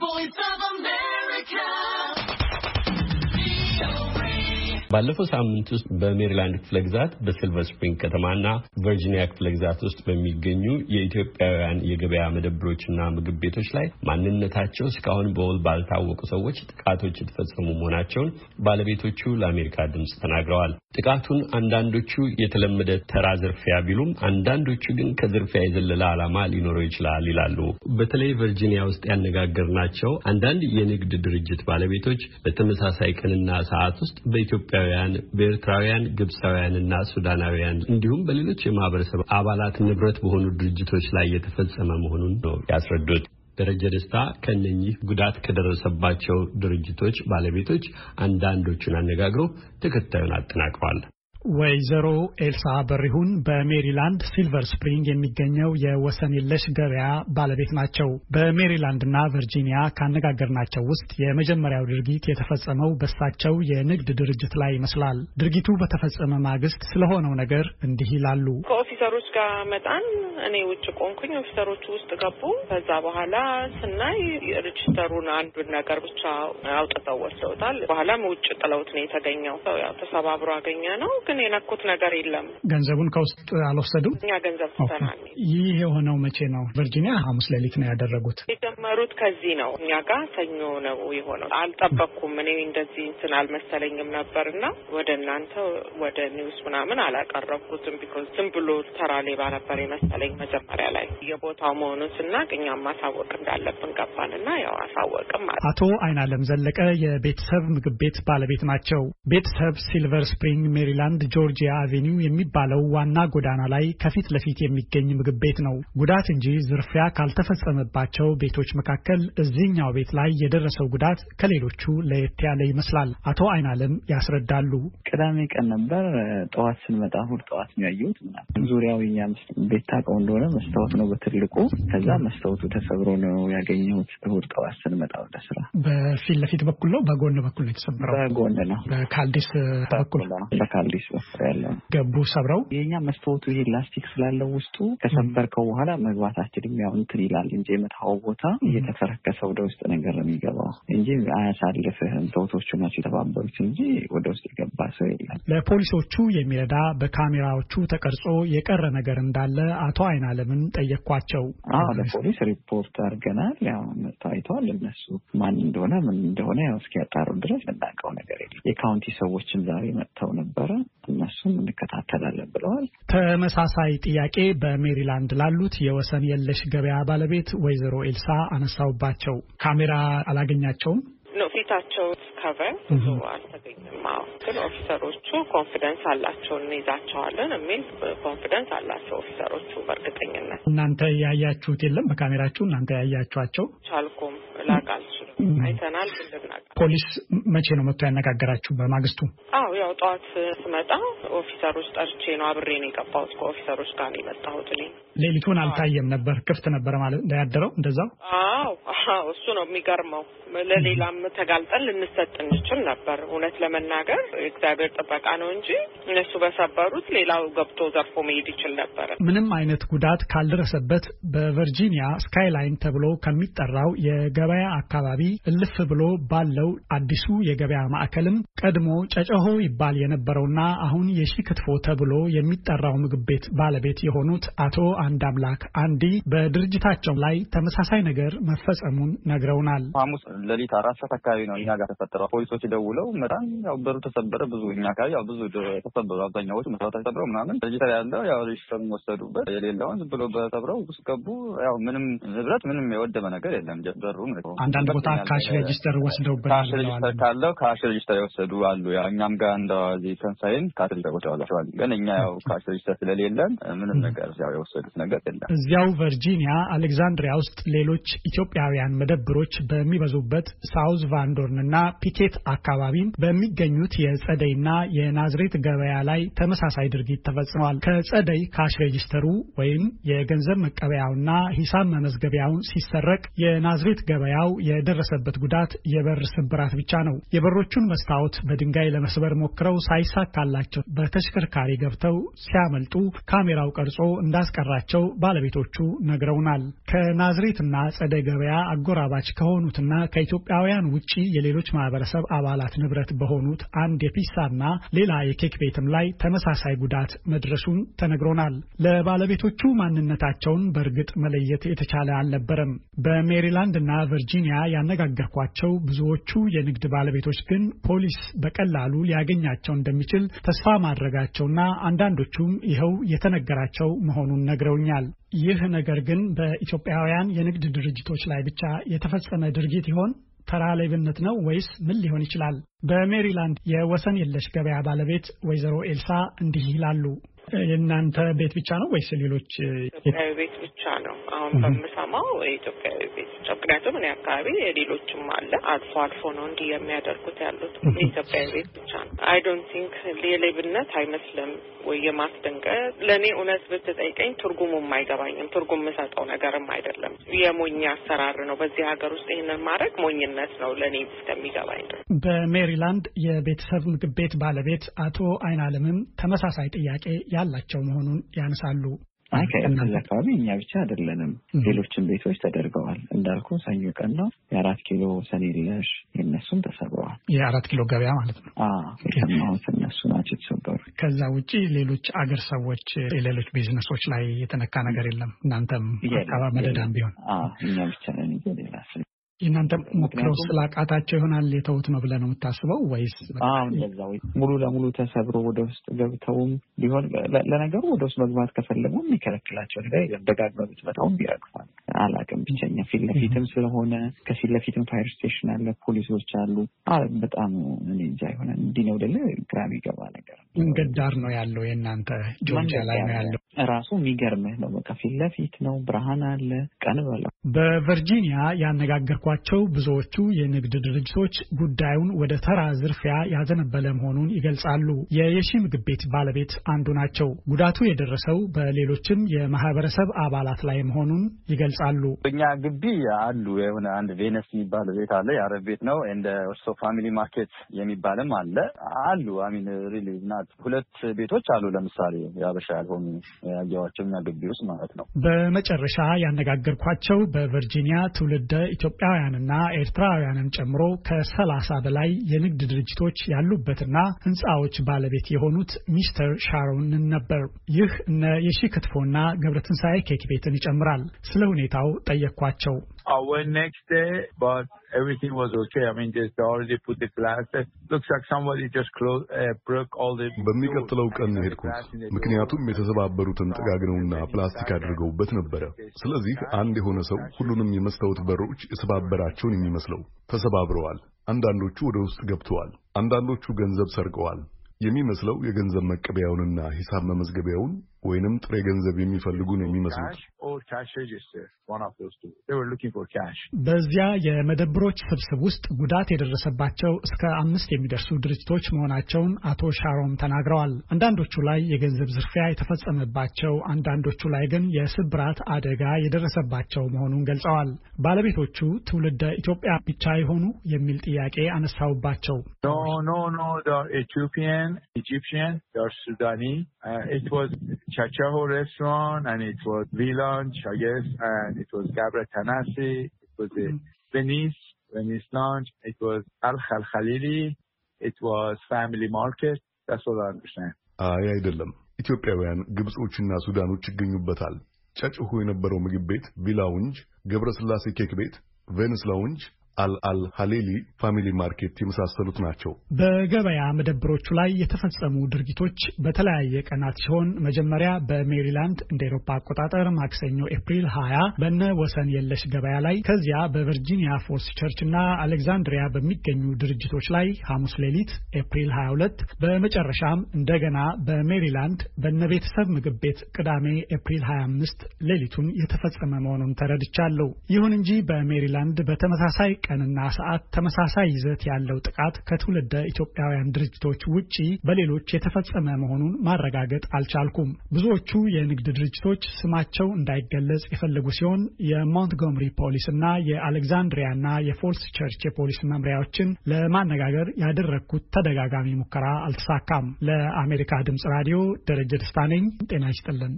voice of America. ባለፈው ሳምንት ውስጥ በሜሪላንድ ክፍለ ግዛት በሲልቨር ስፕሪንግ ከተማና ቨርጂኒያ ክፍለ ግዛት ውስጥ በሚገኙ የኢትዮጵያውያን የገበያ መደብሮችና ምግብ ቤቶች ላይ ማንነታቸው እስካሁን በውል ባልታወቁ ሰዎች ጥቃቶች የተፈጸሙ መሆናቸውን ባለቤቶቹ ለአሜሪካ ድምፅ ተናግረዋል። ጥቃቱን አንዳንዶቹ የተለመደ ተራ ዝርፊያ ቢሉም፣ አንዳንዶቹ ግን ከዝርፊያ የዘለለ ዓላማ ሊኖረው ይችላል ይላሉ። በተለይ ቨርጂኒያ ውስጥ ያነጋገርናቸው አንዳንድ የንግድ ድርጅት ባለቤቶች በተመሳሳይ ቀንና ሰዓት ውስጥ በኢትዮጵያ ኢትዮጵያውያን፣ በኤርትራውያን፣ ግብፃውያንና ሱዳናውያን እንዲሁም በሌሎች የማህበረሰብ አባላት ንብረት በሆኑ ድርጅቶች ላይ የተፈጸመ መሆኑን ነው ያስረዱት። ደረጀ ደስታ ከነኚህ ጉዳት ከደረሰባቸው ድርጅቶች ባለቤቶች አንዳንዶቹን አነጋግሮ ተከታዩን አጠናቅሯል። ወይዘሮ ኤልሳ በሪሁን በሜሪላንድ ሲልቨር ስፕሪንግ የሚገኘው የወሰን የለሽ ገበያ ባለቤት ናቸው። በሜሪላንድና ቨርጂኒያ ካነጋገርናቸው ውስጥ የመጀመሪያው ድርጊት የተፈጸመው በሳቸው የንግድ ድርጅት ላይ ይመስላል። ድርጊቱ በተፈጸመ ማግስት ስለሆነው ነገር እንዲህ ይላሉ። ከኦፊሰሮች ጋር መጣን። እኔ ውጭ ቆንኩኝ፣ ኦፊሰሮቹ ውስጥ ገቡ። ከዛ በኋላ ስናይ ሬጅስተሩን አንዱን ነገር ብቻ አውጥተው ወስደውታል። በኋላም ውጭ ጥለውት ነው የተገኘው። ያው ተሰባብሮ አገኘ ነው ግን የነኩት ነገር የለም። ገንዘቡን ከውስጥ አልወሰዱም። እኛ ገንዘብ ትተናል። ይህ የሆነው መቼ ነው? ቨርጂኒያ ሐሙስ ሌሊት ነው ያደረጉት። የጀመሩት ከዚህ ነው። እኛ ጋር ሰኞ ነው የሆነው። አልጠበቅኩም። እኔ እንደዚህ እንትን አልመሰለኝም ነበር እና ወደ እናንተ ወደ ኒውስ ምናምን አላቀረብኩትም። ቢኮዝ ዝም ብሎ ተራ ሌባ ነበር የመሰለኝ መጀመሪያ ላይ። የቦታው መሆኑን ስናቅ እኛም ማሳወቅ እንዳለብን ገባንና ያው አሳወቅም። አቶ አይናለም ዘለቀ የቤተሰብ ምግብ ቤት ባለቤት ናቸው። ቤተሰብ ሲልቨር ስፕሪንግ ሜሪላንድ ግራንድ ጆርጂያ አቬኒው የሚባለው ዋና ጎዳና ላይ ከፊት ለፊት የሚገኝ ምግብ ቤት ነው። ጉዳት እንጂ ዝርፊያ ካልተፈጸመባቸው ቤቶች መካከል እዚህኛው ቤት ላይ የደረሰው ጉዳት ከሌሎቹ ለየት ያለ ይመስላል። አቶ አይናለም ያስረዳሉ። ቅዳሜ ቀን ነበር። ጠዋት ስንመጣ እሑድ ጠዋት ነው ያየሁት። ዙሪያው የኛ ቤት ታውቀው እንደሆነ መስታወት ነው በትልቁ። ከዛ መስታወቱ ተሰብሮ ነው ያገኘሁት እሑድ ጠዋት ስንመጣ ወደ ስራ። በፊት ለፊት በኩል ነው በጎን በኩል ነው የተሰበረው? በጎን ነው በካልዲስ በኩል በካልዲስ ያስባለሁ። ገቡ ሰብረው የኛ መስታወቱ ይሄ ላስቲክ ስላለው ውስጡ ከሰበርከው በኋላ መግባታችንም ያው እንትን ይላል እንጂ የመታው ቦታ እየተፈረከሰ ወደ ውስጥ ነገር ነው የሚገባው እንጂ አያሳልፍህም። ተውቶቹ ናቸው የተባበሩት እንጂ ወደ ውስጥ የገባ ሰው የለም። ለፖሊሶቹ የሚረዳ በካሜራዎቹ ተቀርጾ የቀረ ነገር እንዳለ አቶ አይናለምን አለምን ጠየቅኳቸው። ለፖሊስ ሪፖርት አድርገናል። ያው ታይቷል። እነሱ ማን እንደሆነ ምን እንደሆነ ያው እስኪያጣሩ ድረስ የምናውቀው ነገር የለም። የካውንቲ ሰዎችም ዛሬ መጥተው ነበረ። እነሱም እንከታተላለን ብለዋል። ተመሳሳይ ጥያቄ በሜሪላንድ ላሉት የወሰን የለሽ ገበያ ባለቤት ወይዘሮ ኤልሳ አነሳውባቸው። ካሜራ አላገኛቸውም ነው ፊታቸው ከቨር ብዙ አልተገኘም። ግን ኦፊሰሮቹ ኮንፊደንስ አላቸው እንይዛቸዋለን የሚል ኮንፊደንስ አላቸው ኦፊሰሮቹ በእርግጠኝነት። እናንተ ያያችሁት የለም? በካሜራችሁ እናንተ ያያችኋቸው? ቻልኩም ላቃልች አይተናል ፖሊስ መቼ ነው መጥቶ ያነጋገራችሁ? በማግስቱ? አዎ ያው ጠዋት ስመጣ ኦፊሰሮች ጠርቼ ነው አብሬ ነው የገባሁት። ከኦፊሰሮች ጋር ነው የመጣሁት። ሌሊቱን አልታየም ነበር፣ ክፍት ነበረ ማለት እንዳያደረው እንደዛው። አዎ አዎ፣ እሱ ነው የሚገርመው። ለሌላም ተጋልጠን ልንሰጥ እንችል ነበር። እውነት ለመናገር እግዚአብሔር ጥበቃ ነው እንጂ እነሱ በሰበሩት ሌላው ገብቶ ዘርፎ መሄድ ይችል ነበር። ምንም አይነት ጉዳት ካልደረሰበት በቨርጂኒያ ስካይላይን ተብሎ ከሚጠራው የገበያ አካባቢ እልፍ ብሎ ባለው አዲሱ የገበያ ማዕከልም ቀድሞ ጨጨሆ ይባል የነበረውና አሁን የሺ ክትፎ ተብሎ የሚጠራው ምግብ ቤት ባለቤት የሆኑት አቶ አንድ አምላክ አንዲ በድርጅታቸው ላይ ተመሳሳይ ነገር መፈጸሙን ነግረውናል። ሐሙስ ሌሊት አራት ሰዓት አካባቢ ነው እኛ ጋር ተፈጠረው። ፖሊሶች ደውለው መጣን። ያው በሩ ተሰበረ። ብዙ እኛ አካባቢ ያው ብዙ ተሰበሩ። አብዛኛዎቹ መስራት ተሰብረው ምናምን ድርጅት ላይ ያለው ያው ሬጅስተር ወሰዱበት። የሌለውን ዝም ብሎ በሰብረው ውስጥ ገቡ። ያው ምንም ንብረት ምንም የወደመ ነገር የለም። በሩ አንዳንድ ቦታ ካሽ ሬጅስተር ወስደውበታል። ሬጅስተር ካለው ካሽ ሬጅስተር የወሰዱ አሉ። ያው እኛም ጋር እንደዚ ተንሳይን ካሽ ሬጅስተር ወስደዋላቸዋል። ግን እኛ ያው ካሽ ሬጅስተር ስለሌለን ምንም ነገር ያው የወሰዱት ነገር የለም። እዚያው ቨርጂኒያ አሌክዛንድሪያ ውስጥ ሌሎች ኢትዮጵያውያን መደብሮች በሚበዙበት ሳውዝ ቫንዶርን እና ፒኬት አካባቢም በሚገኙት የጸደይና የናዝሬት ገበያ ላይ ተመሳሳይ ድርጊት ተፈጽመዋል። ከጸደይ ካሽ ሬጅስተሩ ወይም የገንዘብ መቀበያውና ሂሳብ መመዝገቢያውን ሲሰረቅ የናዝሬት ገበያው የደረሰ የደረሰበት ጉዳት የበር ስብራት ብቻ ነው። የበሮቹን መስታወት በድንጋይ ለመስበር ሞክረው ሳይሳካላቸው በተሽከርካሪ ገብተው ሲያመልጡ ካሜራው ቀርጾ እንዳስቀራቸው ባለቤቶቹ ነግረውናል። ከናዝሬትና ጸደ ገበያ አጎራባች ከሆኑትና ከኢትዮጵያውያን ውጭ የሌሎች ማህበረሰብ አባላት ንብረት በሆኑት አንድ የፒሳና ሌላ የኬክ ቤትም ላይ ተመሳሳይ ጉዳት መድረሱን ተነግሮናል። ለባለቤቶቹ ማንነታቸውን በእርግጥ መለየት የተቻለ አልነበረም። በሜሪላንድና ቨርጂኒያ ያነ ያነጋገርኳቸው ብዙዎቹ የንግድ ባለቤቶች ግን ፖሊስ በቀላሉ ሊያገኛቸው እንደሚችል ተስፋ ማድረጋቸውና አንዳንዶቹም ይኸው የተነገራቸው መሆኑን ነግረውኛል። ይህ ነገር ግን በኢትዮጵያውያን የንግድ ድርጅቶች ላይ ብቻ የተፈጸመ ድርጊት ይሆን? ተራ ሌብነት ነው ወይስ ምን ሊሆን ይችላል? በሜሪላንድ የወሰን የለሽ ገበያ ባለቤት ወይዘሮ ኤልሳ እንዲህ ይላሉ። የእናንተ ቤት ብቻ ነው ወይስ ሌሎች? ኢትዮጵያዊ ቤት ብቻ ነው አሁን በምሰማው የኢትዮጵያዊ ቤት ብቻ። ምክንያቱም እኔ አካባቢ የሌሎችም አለ አልፎ አልፎ ነው እንዲህ የሚያደርጉት ያሉት። የኢትዮጵያዊ ቤት ብቻ ነው። አይ ዶንት ቲንክ ሌብነት አይመስልም ወይ የማስደንቀጥ ለእኔ እውነት ብትጠይቀኝ ትርጉሙም አይገባኝም። ትርጉም የምሰጠው ነገርም አይደለም። የሞኝ አሰራር ነው። በዚህ ሀገር ውስጥ ይህንን ማድረግ ሞኝነት ነው ለእኔ እስከሚገባኝ ነው። በሜሪላንድ የቤተሰብ ምግብ ቤት ባለቤት አቶ አይናለምም ተመሳሳይ ጥያቄ ያላቸው መሆኑን ያነሳሉ። ከእነዚ አካባቢ እኛ ብቻ አይደለንም። ሌሎችም ቤቶች ተደርገዋል። እንዳልኩ ሰኞ ቀን ነው የአራት ኪሎ ሰኔለሽ የነሱም ተሰብረዋል። የአራት ኪሎ ገበያ ማለት ነው። የሰማሁት እነሱ ናቸው የተሰበሩ። ከዛ ውጭ ሌሎች አገር ሰዎች የሌሎች ቢዝነሶች ላይ የተነካ ነገር የለም። እናንተም አካባቢ መደዳም ቢሆን እኛ ብቻ ነን ሌላ የእናንተ ሞክረው ስላቃታቸው ይሆናል የተውት ነው ብለህ ነው የምታስበው ወይስ ሙሉ ለሙሉ ተሰብሮ ወደ ውስጥ ገብተውም ቢሆን ለነገሩ ወደ ውስጥ መግባት ከፈለጉ የሚከለክላቸው ነገር የለም። ደጋግመው ብትመጣውም ይረግፋል። አላቅም ብቸኛ ፊት ለፊትም ስለሆነ ከፊት ለፊትም ፋይር ስቴሽን አለ፣ ፖሊሶች አሉ። በጣም እኔ እንጃ የሆነ እንዲህ ነው ደለ ግራም ይገባ ነገር መንገድ ዳር ነው ያለው የእናንተ ጆርጂያ ላይ ነው ያለው። ራሱ የሚገርምህ ነው። በቃ ፊት ለፊት ነው፣ ብርሃን አለ፣ ቀን በለው። በቨርጂኒያ ያነጋገርኳቸው ብዙዎቹ የንግድ ድርጅቶች ጉዳዩን ወደ ተራ ዝርፊያ ያዘነበለ መሆኑን ይገልጻሉ። የየሺ ምግብ ቤት ባለቤት አንዱ ናቸው። ጉዳቱ የደረሰው በሌሎችም የማህበረሰብ አባላት ላይ መሆኑን ይገልጻሉ። እኛ ግቢ አሉ የሆነ አንድ ቬነስ የሚባል ቤት አለ፣ የአረብ ቤት ነው። እንደ ፋሚሊ ማርኬት የሚባልም አለ አሉ አሚን ሪሊ ናት ሁለት ቤቶች አሉ። ለምሳሌ የአበሻ ያልሆኑ ያየኋቸው እኛ ግቢ ውስጥ ማለት ነው። በመጨረሻ ያነጋገርኳቸው በቨርጂኒያ ትውልደ ኢትዮጵያውያንና ኤርትራውያንን ጨምሮ ከሰላሳ በላይ የንግድ ድርጅቶች ያሉበትና ህንፃዎች ባለቤት የሆኑት ሚስተር ሻሮንን ነበር። ይህ እነ የሺ ክትፎና ገብረትንሳኤ ኬክ ቤትን ይጨምራል። ስለ ሁኔታው ጠየቅኳቸው። I went next day, but everything was okay. I mean, just already put the glass. It looks like somebody just closed, uh, broke all the. በሚቀጥለው ቀን ነው የሄድኩት፣ ምክንያቱም የተሰባበሩትን ጠጋግነውና ፕላስቲክ አድርገውበት ነበረ። ስለዚህ አንድ የሆነ ሰው ሁሉንም የመስታወት በሮች የሰባበራቸውን የሚመስለው ተሰባብረዋል። አንዳንዶቹ ወደ ውስጥ ገብተዋል፣ አንዳንዶቹ ገንዘብ ሰርቀዋል። የሚመስለው የገንዘብ መቀበያውንና ሂሳብ መመዝገቢያውን ወይንም ጥሬ ገንዘብ የሚፈልጉ ነው የሚመስሉት። በዚያ የመደብሮች ስብስብ ውስጥ ጉዳት የደረሰባቸው እስከ አምስት የሚደርሱ ድርጅቶች መሆናቸውን አቶ ሻሮም ተናግረዋል። አንዳንዶቹ ላይ የገንዘብ ዝርፊያ የተፈጸመባቸው፣ አንዳንዶቹ ላይ ግን የስብራት አደጋ የደረሰባቸው መሆኑን ገልጸዋል። ባለቤቶቹ ትውልደ ኢትዮጵያ ብቻ የሆኑ የሚል ጥያቄ አነሳውባቸው። ኢትዮጵያን ኢጂፕሽን ሱዳኒ Chachaho restaurant, and it was v I guess, and it was Gabra Tanasi, it was the mm-hmm. Venice, Venice launch, it was Al Khal Khalili, it was Family Market. That's all I understand. አይ ah, አይደለም፣ ኢትዮጵያውያን ግብጾችና ሱዳኖች ይገኙበታል። ቻጭሁ የነበረው ምግብ ቤት ቪላውንጅ፣ ገብረ ኬክ ቤት፣ ቬንስ ላውንጅ አልአል ፋሚሊ ማርኬት የመሳሰሉት ናቸው። በገበያ መደብሮቹ ላይ የተፈጸሙ ድርጊቶች በተለያየ ቀናት ሲሆን መጀመሪያ በሜሪላንድ እንደ ኤሮፓ አቆጣጠር ማክሰኞ ኤፕሪል 20 በነ ወሰን የለሽ ገበያ ላይ ከዚያ በቨርጂኒያ ፎርስ ቸርች እና አሌክዛንድሪያ በሚገኙ ድርጅቶች ላይ ሐሙስ ሌሊት ኤፕሪል 22 በመጨረሻም እንደገና በሜሪላንድ በነ ቤተሰብ ምግብ ቤት ቅዳሜ ኤፕሪል 25 ሌሊቱን የተፈጸመ መሆኑን ተረድቻለሁ። ይሁን እንጂ በሜሪላንድ በተመሳሳይ ቀንና ሰዓት ተመሳሳይ ይዘት ያለው ጥቃት ከትውልደ ኢትዮጵያውያን ድርጅቶች ውጪ በሌሎች የተፈጸመ መሆኑን ማረጋገጥ አልቻልኩም። ብዙዎቹ የንግድ ድርጅቶች ስማቸው እንዳይገለጽ የፈለጉ ሲሆን የሞንትጎምሪ ፖሊስና የአሌክዛንድሪያና የፎልስ ቸርች የፖሊስ መምሪያዎችን ለማነጋገር ያደረግኩት ተደጋጋሚ ሙከራ አልተሳካም። ለአሜሪካ ድምጽ ራዲዮ ደረጀ ደስታ ነኝ። ጤና ይስጥልን።